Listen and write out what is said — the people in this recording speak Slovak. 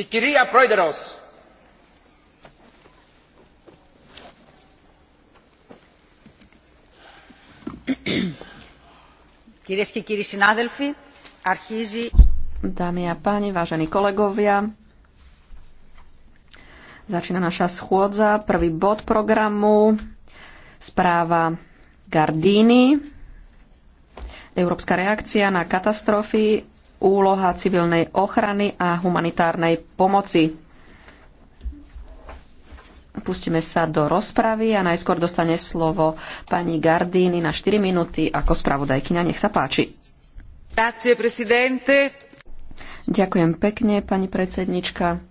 Η κυρία Πρόεδρος. Κυρίες και κύριοι συνάδελφοι, αρχίζει... Dámy a páni, vážení kolegovia, začína naša schôdza. Prvý bod programu, správa Gardini, Európska reakcia na katastrofy úloha civilnej ochrany a humanitárnej pomoci. Pustíme sa do rozpravy a najskôr dostane slovo pani Gardini na 4 minúty ako spravodajkyňa. Nech sa páči. Ďakujem pekne, pani predsednička.